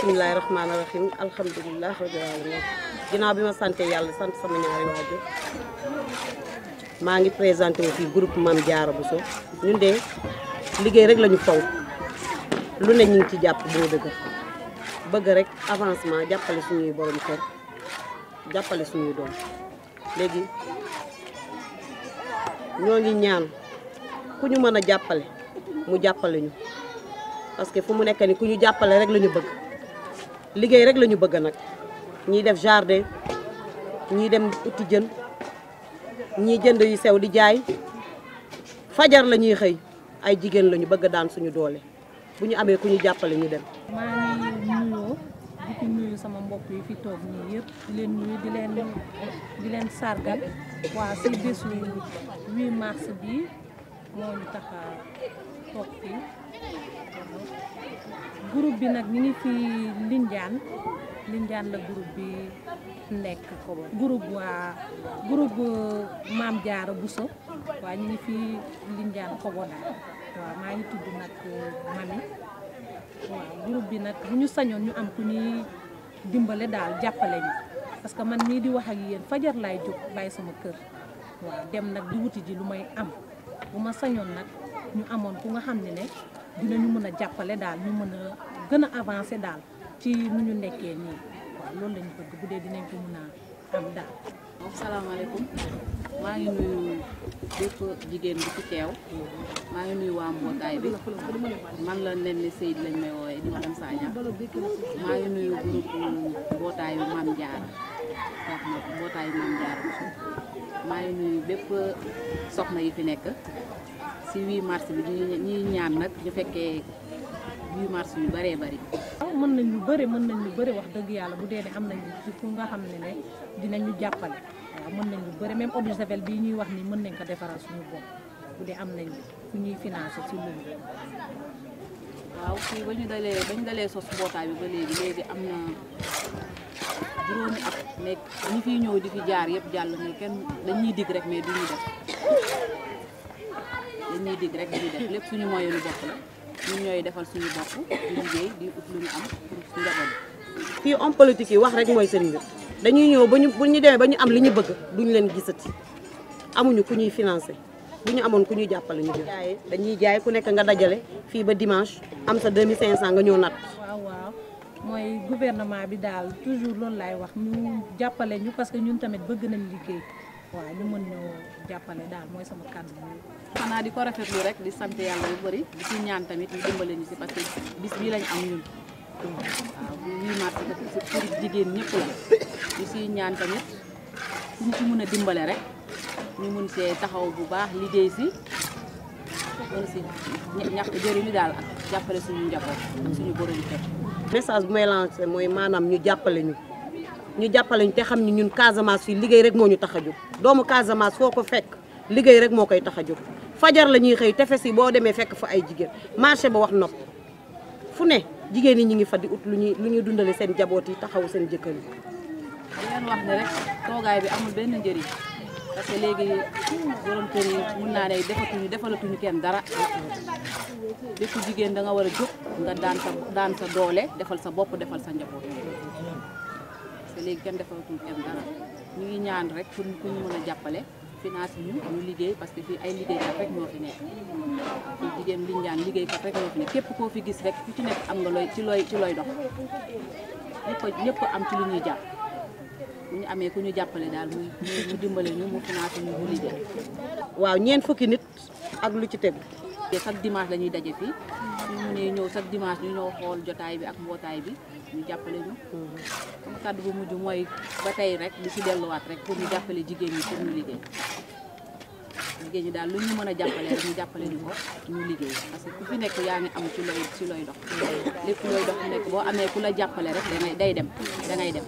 bisimilahi rahmaani rahim alhamdulilah rabbil alamin ginnaaw bi ma sante yàlla sant sama ñaari waajur maa ngi présenté wu fii groupe Mame bu Bousso ñun de liggéey rek la ñu fonk lu ne ñu ci jàpp boo dëgër bëgg rek avancement jàppale suñuy borom kër jàppale suñuy doom léegi ñoo ngi ñaan ku ñu mën a jàppale mu jàppale ñu parce que fu mu nekk ni ku ñu jàppale rek lañu bëgg liggéey rek lañu bëgg nag ñiy def jardin ñiy dem uti jën ñiy jënd yu sew di jaay fajar la ñuy xëy ay jigéen lañu bëgg daan suñu doole bu ñu amee ku ñu jàppale ñu dem. maa ngi nuyoo di nuyu sama mbokk yi fi toog nii yëpp leen nuyu di leen sargal waa si bésu mars bi moo ñu tax toog fii. groupe bi nag ñu ngi fi Lindiane Lindiane la groupe bi nekk ko groupe waa groupe euh, Maam Jaara Bousso waa ñu ngi fi Lindiane Koboda waaw maa ngi tudd nag euh, Mami waaw groupe bi nag bu ñu sañoon ñu am ku ñuy dimbale daal jàppale ñu parce que man mii di wax ak yéen fajar laay jóg bàyyi sama kër waaw dem nag di wuti ji lu may am bu ma sañoon nag ñu amoon ku nga xam ne ne ñu mën a jàppale daal ñu mën a gën a avancé daal ci nu ñu nekkee nii waaw loolu lañu bëgg bu dee dinañ ko mën a am daal. asalaamaaleykum maa ngi nuyu bépp jigéen bi ci teew maa ngi nuyu waa mbootaay bi man la Néné Seydi lañ may woowee di madame maa ngi nuyu groupe mbootaayu Mam Diarra maa ngi nuyu bépp soxna yi fi nekk. si 8 mars bi ñuy ñaan nag ñu fekkee 8 mars yu bëree bëri waaw ah, mën nañ lu bare mën nañ lu bëri wax dëgg yàlla bu dee ne am nañ ci fu nga xam ne ne dinañu jàppale waaw mën nañ lu bëri même objet javel bii ñuy wax ni mën nañ ko defaral suñu bopp bu dee am nañ fu ñuy financé ci waaw sos mbootaay bi ba léegi léegi am na ak nek ñi di fi jaar yëpp jàll ni kenn dañuy dig rek mais duñu def lu ñuy dig suñu moyenu bopp la ñun ñooy defal suñu bopp di yi wax rek mooy seen mbir dañuy ñëw ba ñu bu ñu demee ba ñu am li ñu bëgg duñ leen gisati amuñu ku ñuy financé bu ñu amoon ku ñuy jàppale ñu jaay dañuy jaay ku nekk nga dajale fii ba dimanche am sa cent nga ñëw natt. waaw waaw mooy gouvernement bi daal toujours loolu laay wax ñu jàppale ñu parce que ñun tamit bëgg nañ liggéey. waaw ñu mën ñoo jàppale daal mooy sama kàddu xanaa di ko rafetlu rek di sant yàlla yu bëri di ci ñaan tamit ñu dimbale ñu si parce que bis bii lañ am ñun waaw bu mars pour jigéen ñëpp la di si ñaan tamit ku ñu si mën a dimbale rek ñu mun see taxaw bu baax liggéey si mën si ñax jëriñu daal ak jàppale suñu njaboot ak suñu borom kër message bu may lancé mooy maanaam ñu jàppale ñu ñu jàppale ñu te xam ni ñun Casamance fii liggéey rek moo ñu tax a jóg doomu Casamance foo ko fekk liggéey rek moo koy tax a jóg fajar la ñuy xëy tefes yi boo demee fekk fa ay jigéen marché ba wax nopp fu ne jigéen yi ñu ngi fa di ut lu ñuy lu ñuy dundale seen jaboot yi taxaw seen jëkkër yi. leen wax bi amul benn njëriñ parce que léegi borom kër yi mun naa ne defatuñu defalatuñu kenn dara bépp jigéen da nga war a jóg nga daan sa daan sa doole defal sa bopp defal sa njaboot. te léegi kenn defaratul kenn dara ñu ngi ñaan rek pour ku ñu mën a jàppale finance ñu ñu liggéey parce que fii ay liggéeykat rek ñoo fi nekk fii jigéen liñ ñaan liggéeykat rek ñoo fi nekk képp koo fi gis rek ku ci nekk am nga looy ci looy ci looy dox ñëpp ñëpp am ci lu ñuy jàpp bu ñu amee ku ñu jàppale daal muy mu dimbale ñu mu finance ñu mu liggéey waaw ñeent fukki nit ak lu ci tegu chaque dimanche la ñuy daje fii su ñu mënee ñëw chaque dimanche ñu ñëw xool jotaay bi ak mbootaay bi ñu jàppale ñu. comme kàddu bu mujj mooy ba tey rek di si delluwaat rek pour ñu jàppale jigéen ñi pour ñu liggéey. jigéen ñi daal lu ñu mën a jàppale rek ñu jàppale ñu ko ñu liggéey parce que ku fi nekk yaa ngi am ci looy ci looy dox lépp looy dox nekk boo amee ku la jàppale rek dangay day dem dangay dem.